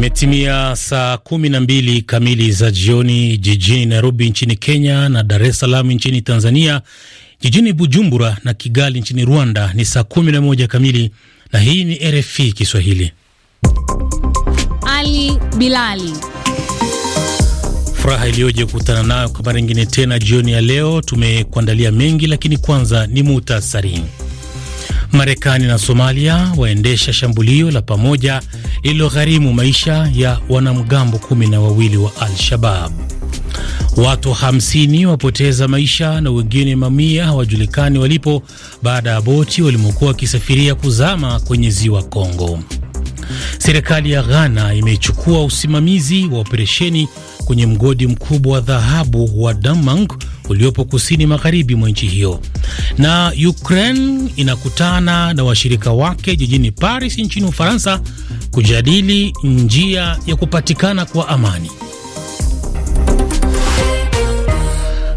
Imetimia saa kumi na mbili kamili za jioni jijini Nairobi nchini Kenya na Dar es Salaam nchini Tanzania. Jijini Bujumbura na Kigali nchini Rwanda ni saa kumi na moja kamili, na hii ni RFI Kiswahili. Ali Bilali, furaha iliyoje kukutana nayo kwa mara nyingine tena jioni ya leo. Tumekuandalia mengi, lakini kwanza ni muhtasari. Marekani na Somalia waendesha shambulio la pamoja lililogharimu maisha ya wanamgambo kumi na wawili wa Al-Shabab. Watu 50 wapoteza maisha na wengine mamia hawajulikani walipo baada ya boti walimokuwa wakisafiria kuzama kwenye ziwa Kongo. Serikali ya Ghana imechukua usimamizi wa operesheni kwenye mgodi mkubwa wa dhahabu wa Damang uliopo kusini magharibi mwa nchi hiyo. Na Ukraine inakutana na washirika wake jijini Paris nchini Ufaransa kujadili njia ya kupatikana kwa amani.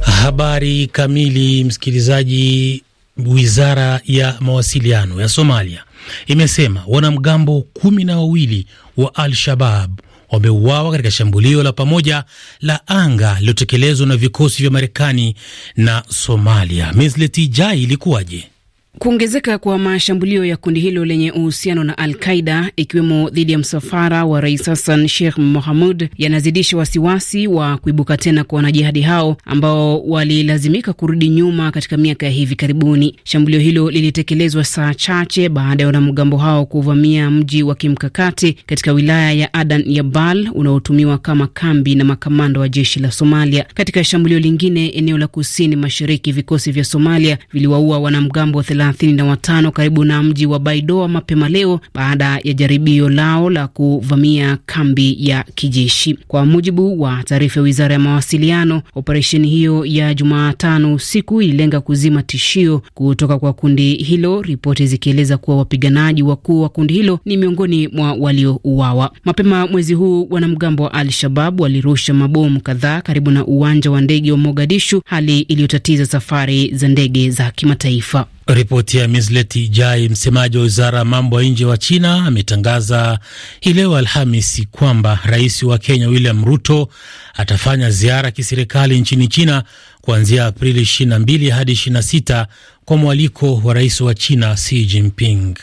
Habari kamili, msikilizaji. Wizara ya mawasiliano ya Somalia imesema wanamgambo kumi na wawili wa Al-Shabab wameuawa katika shambulio la pamoja la anga lililotekelezwa na vikosi vya Marekani na Somalia. Misleti Jai, ilikuwaje? Kuongezeka kwa mashambulio ya kundi hilo lenye uhusiano na Al Qaida ikiwemo dhidi ya msafara wa Rais Hassan Sheikh Mohamud yanazidisha wasiwasi wa kuibuka tena kwa wanajihadi hao ambao walilazimika kurudi nyuma katika miaka ya hivi karibuni. Shambulio hilo lilitekelezwa saa chache baada ya wanamgambo hao kuvamia mji wa kimkakati katika wilaya ya Adan Yabal unaotumiwa kama kambi na makamanda wa jeshi la Somalia. Katika shambulio lingine eneo la kusini mashariki, vikosi vya Somalia viliwaua wanamgambo 35 karibu na mji wa Baidoa mapema leo baada ya jaribio lao la kuvamia kambi ya kijeshi. Kwa mujibu wa taarifa ya wizara ya mawasiliano, operesheni hiyo ya Jumatano usiku ililenga kuzima tishio kutoka kwa kundi hilo, ripoti zikieleza kuwa wapiganaji wakuu wa kundi hilo ni miongoni mwa waliouawa. Mapema mwezi huu wanamgambo wa Al-Shabab walirusha mabomu kadhaa karibu na uwanja wa ndege wa Mogadishu, hali iliyotatiza safari za ndege za kimataifa. Ripoti ya Mislet Jai, msemaji wa wizara ya mambo ya nje wa China, ametangaza hii leo Alhamisi kwamba rais wa Kenya William Ruto atafanya ziara ya kiserikali nchini China kuanzia Aprili 22 hadi 26 kwa mwaliko wa rais wa China Xi Jinping.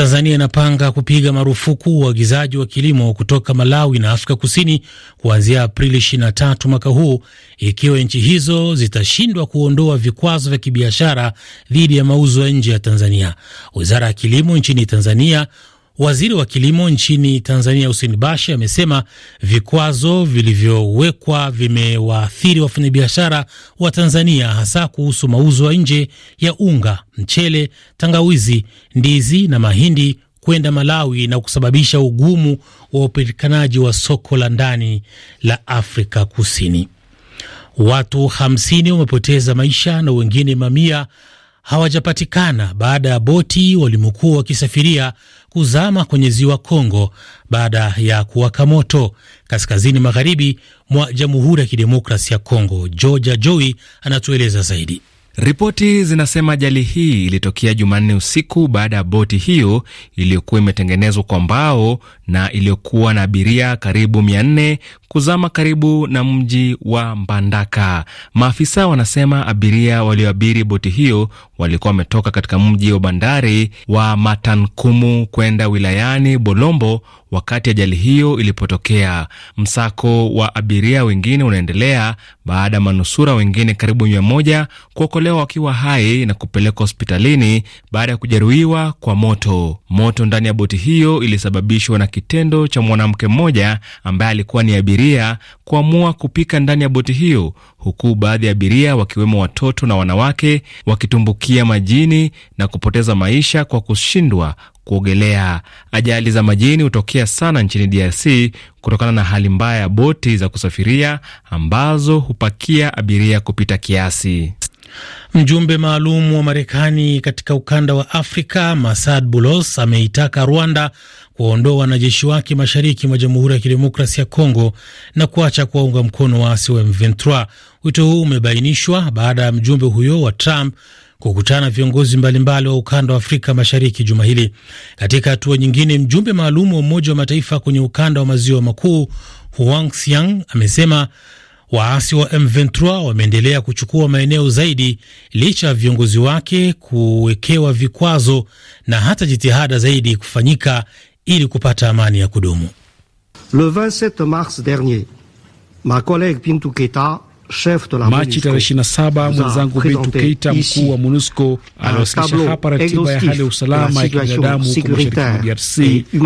Tanzania inapanga kupiga marufuku uagizaji wa, wa kilimo kutoka Malawi na Afrika Kusini kuanzia Aprili 23 mwaka huu ikiwa nchi hizo zitashindwa kuondoa vikwazo vya kibiashara dhidi ya mauzo ya nje ya Tanzania. Wizara ya Kilimo nchini Tanzania Waziri wa kilimo nchini Tanzania Hussein Bashe amesema vikwazo vilivyowekwa vimewaathiri wafanyabiashara wa Tanzania hasa kuhusu mauzo ya nje ya unga, mchele, tangawizi, ndizi na mahindi kwenda Malawi na kusababisha ugumu wa upatikanaji wa soko la ndani la Afrika Kusini. Watu 50 wamepoteza maisha na wengine mamia hawajapatikana baada ya boti walimokuwa wakisafiria kuzama kwenye ziwa Kongo baada ya kuwaka moto kaskazini magharibi mwa Jamhuri ya kidemokrasi ya Kongo. Georgia joi anatueleza zaidi. Ripoti zinasema ajali hii ilitokea Jumanne usiku baada ya boti hiyo iliyokuwa imetengenezwa kwa mbao na iliyokuwa na abiria karibu mia nne kuzama karibu na mji wa Mbandaka. Maafisa wanasema abiria walioabiri boti hiyo walikuwa wametoka katika mji wa bandari wa Matankumu kwenda wilayani Bolombo wakati ajali hiyo ilipotokea. Msako wa abiria wengine unaendelea baada ya manusura wengine karibu mia moja kuokolewa wakiwa hai na kupelekwa hospitalini baada ya kujeruhiwa kwa moto. Moto ndani ya boti hiyo ilisababishwa na kitendo cha mwanamke mmoja ambaye alikuwa ni abiria kuamua kupika ndani ya boti hiyo, huku baadhi ya abiria wakiwemo watoto na wanawake wakitumbukia majini na kupoteza maisha kwa kushindwa kuogelea. Ajali za majini hutokea sana nchini DRC kutokana na hali mbaya ya boti za kusafiria ambazo hupakia abiria kupita kiasi. Mjumbe maalum wa Marekani katika ukanda wa Afrika Masad Bulos ameitaka Rwanda kuwaondoa wanajeshi wake mashariki mwa Jamhuri ya Kidemokrasi ya Kongo na kuacha kuwaunga mkono waasi wa M23. Wito huu umebainishwa baada ya mjumbe huyo wa Trump kukutana viongozi mbalimbali wa ukanda wa Afrika Mashariki juma hili. Katika hatua nyingine, mjumbe maalum wa Umoja wa Mataifa kwenye ukanda wa maziwa makuu Huang Xiang amesema waasi wa M23 wameendelea kuchukua maeneo zaidi licha ya viongozi wake kuwekewa vikwazo na hata jitihada zaidi kufanyika ili kupata amani ya kudumu. Le 27 mars dernier, ma collègue Bintou Keita Machi tarehe 27 mwenzangu Bintu Keita, mkuu wa MONUSCO, aliwasilisha hapa ratiba ya hali ya usalama ya kibinadamu kwa mashariki mwa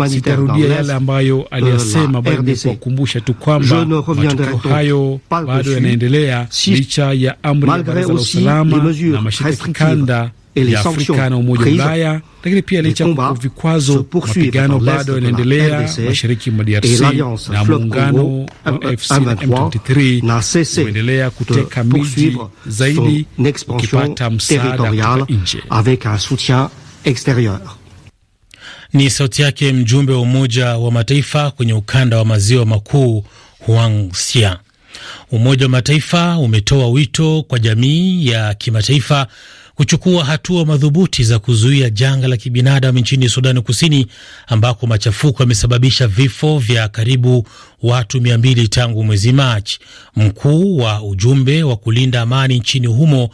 DRC. Sitarudia yale ambayo aliyasema, bali ni kuwakumbusha tu kwamba matukio hayo bado yanaendelea licha ya amri ya baraza la usalama na mashirika kikanda ya Afrika na Umoja wa Ulaya, lakini pia licha ya vikwazo, mapigano bado yanaendelea mashariki mwa DRC na muungano wa AFC na M23 umeendelea kuteka miji zaidi ukipata msaada nje. Ni sauti yake mjumbe wa Umoja wa Mataifa kwenye ukanda wa maziwa makuu Huang Xia. Umoja wa Mataifa umetoa wito kwa jamii ya kimataifa kuchukua hatua madhubuti za kuzuia janga la kibinadamu nchini Sudani Kusini, ambako machafuko yamesababisha vifo vya karibu watu mbili tangu mwezi Machi. Mkuu wa ujumbe wa kulinda amani nchini humo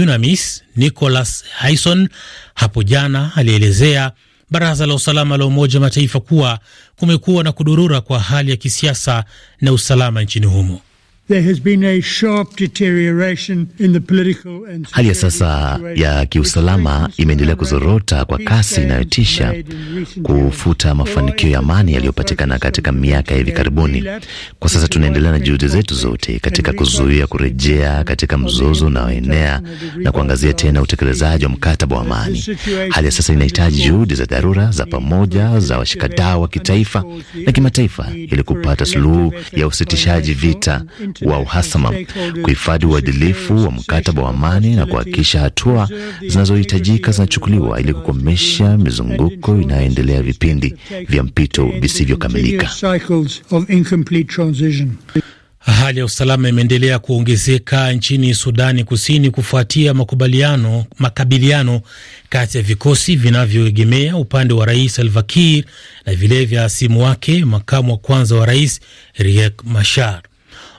UNAMIS Nicholas Hayson hapo jana alielezea Baraza la Usalama la Umoja wa Mataifa kuwa kumekuwa na kudorora kwa hali ya kisiasa na usalama nchini humo. Hali ya sasa ya kiusalama imeendelea kuzorota kwa kasi inayotisha kufuta mafanikio ya amani yaliyopatikana katika miaka ya hivi karibuni. Kwa sasa tunaendelea na juhudi zetu zote katika kuzuia kurejea katika mzozo unaoenea na kuangazia tena utekelezaji wa mkataba wa amani. Hali ya sasa inahitaji juhudi za dharura za pamoja za washikadau wa kitaifa na kimataifa ili kupata suluhu ya usitishaji vita wa uhasama, kuhifadhi uadilifu wa mkataba wa amani na kuhakikisha hatua zinazohitajika zinachukuliwa ili kukomesha mizunguko inayoendelea vipindi vya mpito visivyokamilika. Hali ya usalama imeendelea kuongezeka nchini Sudani Kusini kufuatia makubaliano makabiliano kati ya vikosi vinavyoegemea upande wa rais Salva Kiir na vile vya hasimu wake makamu wa kwanza wa rais Riek Machar.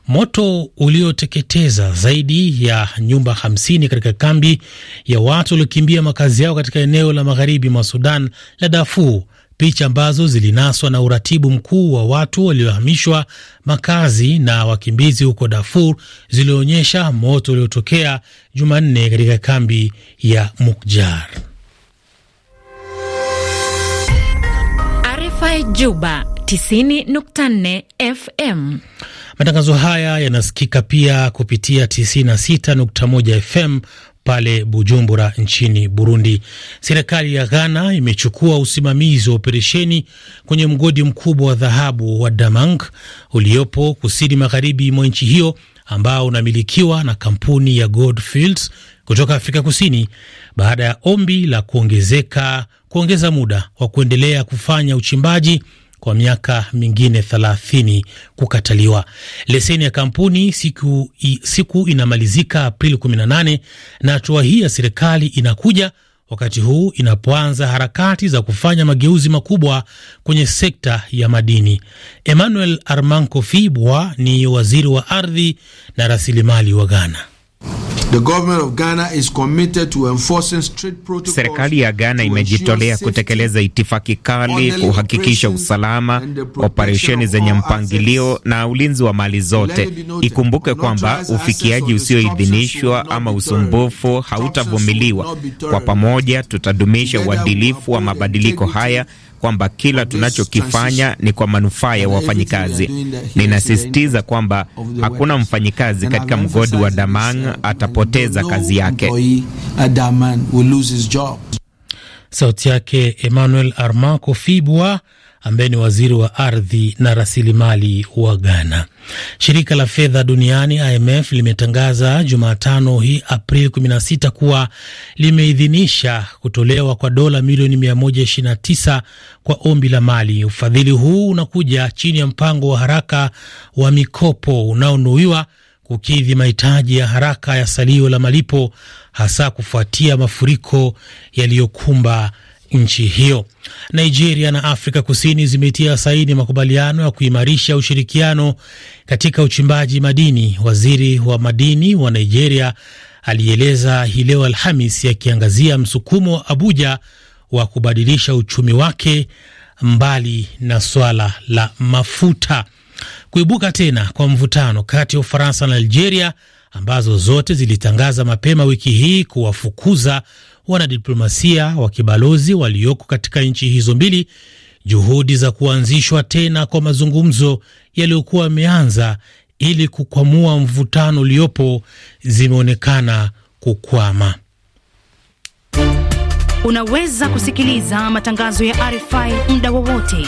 Moto ulioteketeza zaidi ya nyumba 50 katika kambi ya watu waliokimbia makazi yao katika eneo la magharibi mwa Sudan la Darfur, picha ambazo zilinaswa na uratibu mkuu wa watu waliohamishwa makazi na wakimbizi huko Darfur zilionyesha moto uliotokea Jumanne katika kambi ya Mukjar. RFI Juba 90.4 FM. Matangazo haya yanasikika pia kupitia 96.1 FM pale Bujumbura nchini Burundi. Serikali ya Ghana imechukua usimamizi wa operesheni kwenye mgodi mkubwa wa dhahabu wa Damang uliopo kusini magharibi mwa nchi hiyo ambao unamilikiwa na kampuni ya Goldfields kutoka Afrika Kusini baada ya ombi la kuongezeka kuongeza muda wa kuendelea kufanya uchimbaji kwa miaka mingine thelathini kukataliwa. Leseni ya kampuni siku, siku inamalizika Aprili 18 na hatua hii ya serikali inakuja wakati huu inapoanza harakati za kufanya mageuzi makubwa kwenye sekta ya madini. Emmanuel Armanko Fibwa ni waziri wa ardhi na rasilimali wa Ghana. Serikali ya Ghana imejitolea kutekeleza itifaki kali kuhakikisha usalama, operesheni zenye mpangilio na ulinzi wa mali zote. Ikumbuke kwamba ufikiaji usioidhinishwa ama usumbufu hautavumiliwa. Kwa pamoja, tutadumisha uadilifu wa mabadiliko haya kwamba kila tunachokifanya ni kwa manufaa ya wafanyikazi. Ninasisitiza kwamba hakuna mfanyikazi katika mgodi wa Damang atapoteza kazi yake. Sauti yake Emmanuel Armand Kofibwa ambaye ni waziri wa ardhi na rasilimali wa Ghana. Shirika la fedha duniani IMF limetangaza Jumatano hii Aprili 16 kuwa limeidhinisha kutolewa kwa dola milioni 129 kwa ombi la Mali. Ufadhili huu unakuja chini ya mpango wa haraka wa mikopo unaonuiwa kukidhi mahitaji ya haraka ya salio la malipo hasa kufuatia mafuriko yaliyokumba nchi hiyo. Nigeria na Afrika Kusini zimetia saini makubaliano ya kuimarisha ushirikiano katika uchimbaji madini. Waziri wa madini wa Nigeria alieleza hii leo Alhamis, akiangazia msukumo wa Abuja wa kubadilisha uchumi wake mbali na swala la mafuta. Kuibuka tena kwa mvutano kati ya Ufaransa na Algeria ambazo zote zilitangaza mapema wiki hii kuwafukuza wanadiplomasia wa kibalozi walioko katika nchi hizo mbili juhudi za kuanzishwa tena kwa mazungumzo yaliyokuwa yameanza ili kukwamua mvutano uliopo zimeonekana kukwama. Unaweza kusikiliza matangazo ya RFI muda wowote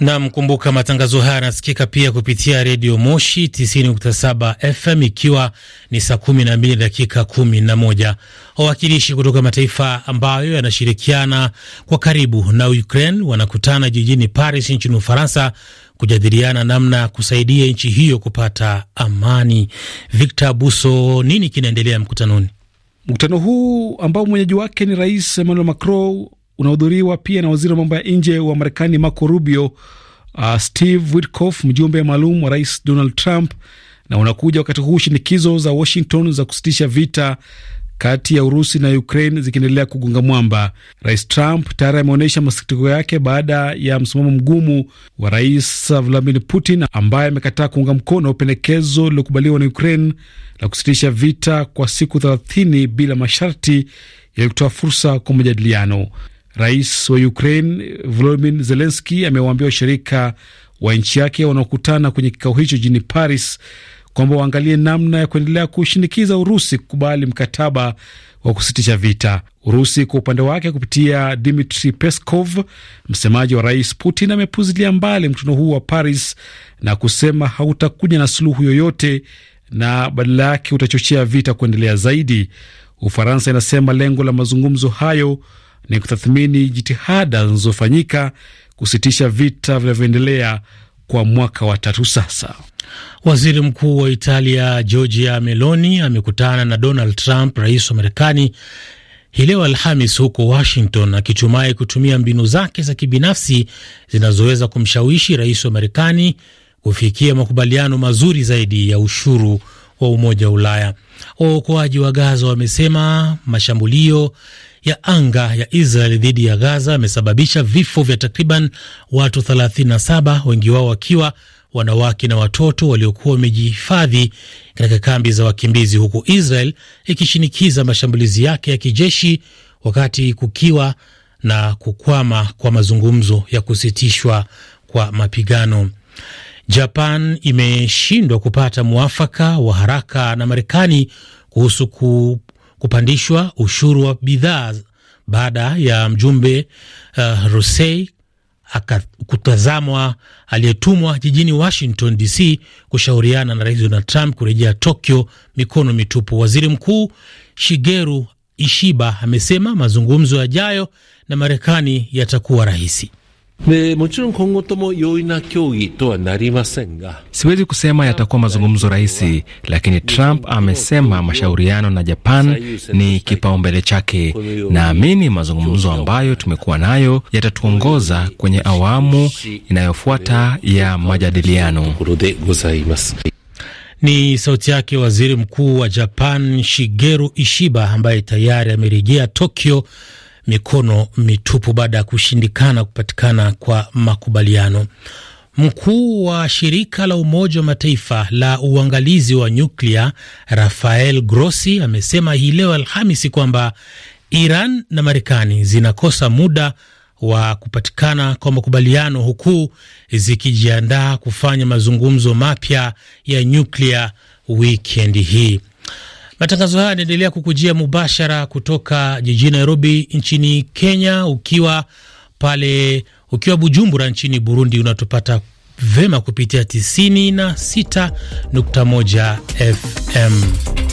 Nam kumbuka, matangazo haya yanasikika pia kupitia redio Moshi 90.7 FM ikiwa ni saa 12 dakika 11. Wawakilishi kutoka mataifa ambayo yanashirikiana kwa karibu na Ukraine wanakutana jijini Paris nchini Ufaransa kujadiliana namna ya kusaidia nchi hiyo kupata amani. Victor Buso, nini kinaendelea mkutanoni? Mkutano huu ambao mwenyeji wake ni Rais Emmanuel Macron unahudhuriwa pia na waziri wa mambo ya nje wa Marekani Marco Rubio, uh, Steve Witkoff mjumbe maalum wa rais Donald Trump, na unakuja wakati huu shinikizo za Washington za kusitisha vita kati ya Urusi na Ukraine zikiendelea kugonga mwamba. Rais Trump tayari ameonyesha masikitiko yake baada ya msimamo mgumu wa rais Vladimir Putin ambaye amekataa kuunga mkono pendekezo lililokubaliwa na Ukraine la kusitisha vita kwa siku 30 bila masharti yaliyotoa fursa kwa majadiliano. Rais wa Ukraine Volodymyr Zelensky amewaambia washirika wa nchi yake wanaokutana kwenye kikao hicho jijini Paris kwamba waangalie namna ya kuendelea kushinikiza Urusi kukubali mkataba wa kusitisha vita. Urusi kwa upande wake, kupitia Dmitri Peskov, msemaji wa rais Putin, amepuzilia mbali mkutano huu wa Paris na kusema hautakuja na suluhu yoyote na badala yake utachochea vita kuendelea zaidi. Ufaransa inasema lengo la mazungumzo hayo ni kutathmini jitihada zinazofanyika kusitisha vita vinavyoendelea kwa mwaka wa tatu sasa. Waziri Mkuu wa Italia Giorgia Meloni amekutana na Donald Trump, rais wa Marekani, hii leo Alhamis huko Washington, akitumai kutumia mbinu zake za kibinafsi zinazoweza kumshawishi rais wa Marekani kufikia makubaliano mazuri zaidi ya ushuru wa Umoja wa Ulaya. Waokoaji wa Gaza wamesema mashambulio ya anga ya Israel dhidi ya Gaza amesababisha vifo vya takriban watu 37 wengi wao wakiwa wanawake na watoto waliokuwa wamejihifadhi katika kambi za wakimbizi, huku Israel ikishinikiza mashambulizi yake ya kijeshi wakati kukiwa na kukwama kwa mazungumzo ya kusitishwa kwa mapigano. Japan imeshindwa kupata mwafaka wa haraka na Marekani kuhusu ku kupandishwa ushuru wa bidhaa baada ya mjumbe uh, Rosei akakutazamwa aliyetumwa jijini Washington DC kushauriana na Rais Donald Trump kurejea Tokyo mikono mitupu. Waziri Mkuu Shigeru Ishiba amesema mazungumzo yajayo na Marekani yatakuwa rahisi. Siwezi kusema yatakuwa mazungumzo rahisi, lakini Trump amesema mashauriano na Japan ni kipaumbele chake. Naamini mazungumzo ambayo tumekuwa nayo yatatuongoza kwenye awamu inayofuata ya majadiliano. Ni sauti yake waziri mkuu wa Japan Shigeru Ishiba ambaye tayari amerejea Tokyo mikono mitupu baada ya kushindikana kupatikana kwa makubaliano. Mkuu wa shirika la Umoja wa Mataifa la uangalizi wa nyuklia Rafael Grossi amesema hii leo Alhamisi kwamba Iran na Marekani zinakosa muda wa kupatikana kwa makubaliano huku zikijiandaa kufanya mazungumzo mapya ya nyuklia wikendi hii. Matangazo haya yanaendelea kukujia mubashara kutoka jijini Nairobi nchini Kenya. Ukiwa pale ukiwa Bujumbura nchini Burundi, unatupata vema kupitia 96.1 FM.